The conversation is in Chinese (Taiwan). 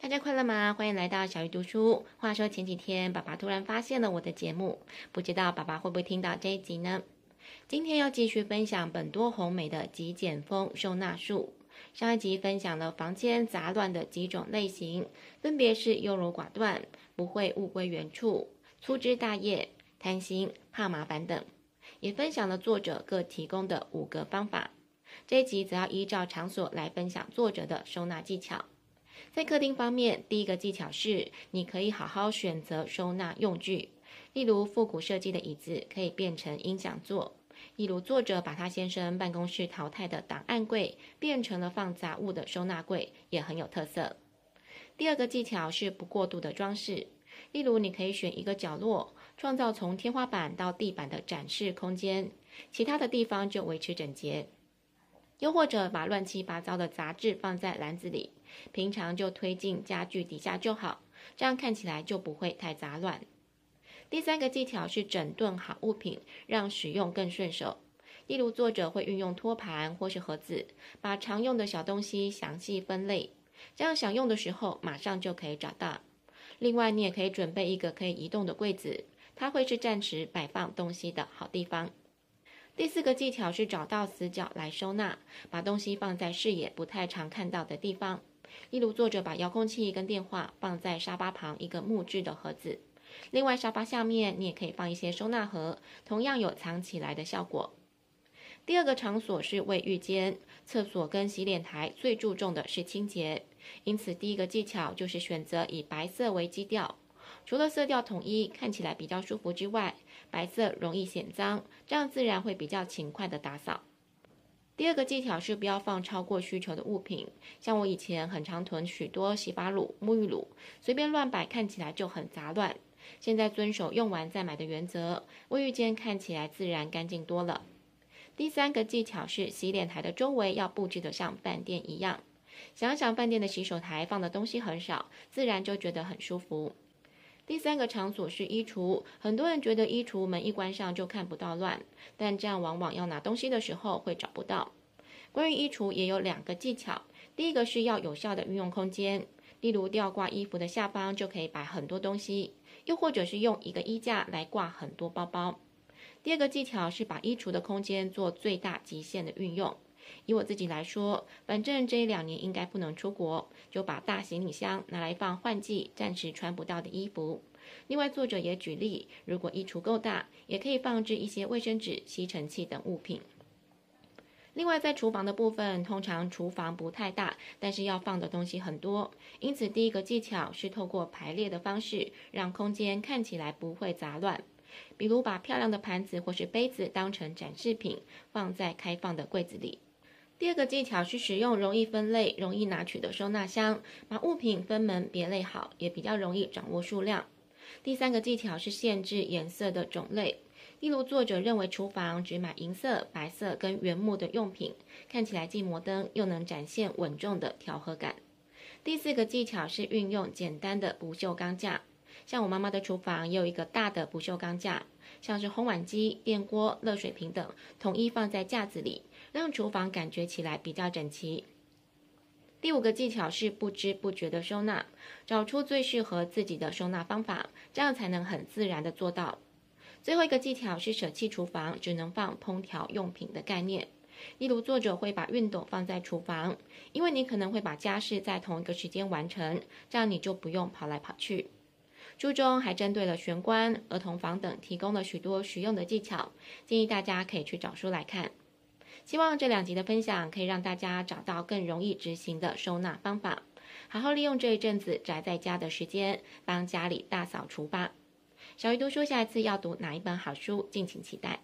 大家快樂嗎？歡迎來到小魚讀書。話說前幾天，爸爸突然發現了我的節目，不知道爸爸會不會聽到這一集呢？今天要繼續分享本多弘美的極簡風收納術。上一集分享了房間雜亂的幾種類型，分別是優柔寡斷、不會物歸原處、粗枝大葉、貪心、怕麻煩等，也分享了作者各提供的五個方法。這一集則要依照場所來分享作者的收納技巧。在客廳方面，第一個技巧是你可以好好選擇收納用具，例如復古設計的椅子可以變成音響座，例如作者把他先生辦公室淘汰的檔案櫃變成了放雜物的收納櫃，也很有特色。第二個技巧是不過度的裝飾，例如你可以選一個角落，創造從天花板到地板的展示空間，其他的地方就維持整潔。又或者把亂七八糟的雜誌放在籃子裡，平常就推進家具底下就好，這樣看起來就不會太雜亂。第三個技巧是整頓好物品，讓使用更順手。例如作者會運用托盤或是盒子，把常用的小東西詳細分類，這樣想用的時候馬上就可以找到。另外你也可以準備一個可以移動的櫃子，它會是暫時擺放東西的好地方。第四個技巧是找到死角來收納，把東西放在視野不太常看到的地方，例如作者把遙控器跟電話放在沙發旁一個木質的盒子。另外，沙發下面你也可以放一些收納盒，同樣有藏起來的效果。第二個場所是衛浴間、廁所跟洗臉台，最注重的是清潔，因此第一個技巧就是選擇以白色為基調。除了色調統一，看起來比較舒服之外，白色容易顯髒，這樣自然會比較勤快的打掃。第二個技巧是不要放超過需求的物品，像我以前很常囤許多洗髮乳、沐浴乳，隨便亂擺，看起來就很雜亂。現在遵守用完再買的原則，衛浴間看起來自然乾淨多了。第三個技巧是洗臉台的周圍要布置得像飯店一樣，想想飯店的洗手台放的東西很少，自然就覺得很舒服。第三個場所是衣櫥，很多人覺得衣櫥門一關上就看不到亂，但這樣往往要拿東西的時候會找不到。關於衣櫥也有兩個技巧，第一個是要有效的運用空間，例如吊掛衣服的下方就可以擺很多東西，又或者是用一個衣架來掛很多包包。第二個技巧是把衣櫥的空間做最大極限的運用。以我自己來說，反正這一兩年應該不能出國，就把大行李箱拿來放換季暫時穿不到的衣服。另外，作者也舉例，如果衣櫥夠大，也可以放置一些衛生紙、吸塵器等物品。另外，在廚房的部分，通常廚房不太大，但是要放的東西很多，因此第一個技巧是透過排列的方式，讓空間看起來不會雜亂，比如把漂亮的盤子或是杯子當成展示品，放在開放的櫃子裡。第二個技巧是使用容易分類、容易拿取的收納箱，把物品分門別類好，也比較容易掌握數量。第三個技巧是限制顏色的種類，例如作者認為廚房只買銀色、白色跟原木的用品，看起來既摩登又能展現穩重的調和感。第四個技巧是運用簡單的不鏽鋼架，像我媽媽的廚房也有一個大的不鏽鋼架，像是烘碗機、電鍋、熱水瓶等，統一放在架子裡。讓廚房感覺起來比較整齊。第五個技巧是不知不覺的收納，找出最適合自己的收納方法，這樣才能很自然的做到。最後一個技巧是捨棄廚房只能放烹調用品的概念，例如作者會把熨斗放在廚房，因為你可能會把家事在同一個時間完成，這樣你就不用跑來跑去。書中還針對了玄關、兒童房等提供了許多實用的技巧，建議大家可以去找書來看。希望這兩集的分享可以讓大家找到更容易執行的收納方法，好好利用這一陣子宅在家的時間，幫家裡大掃除吧。小魚讀書，下一次要讀哪一本好書，敬請期待。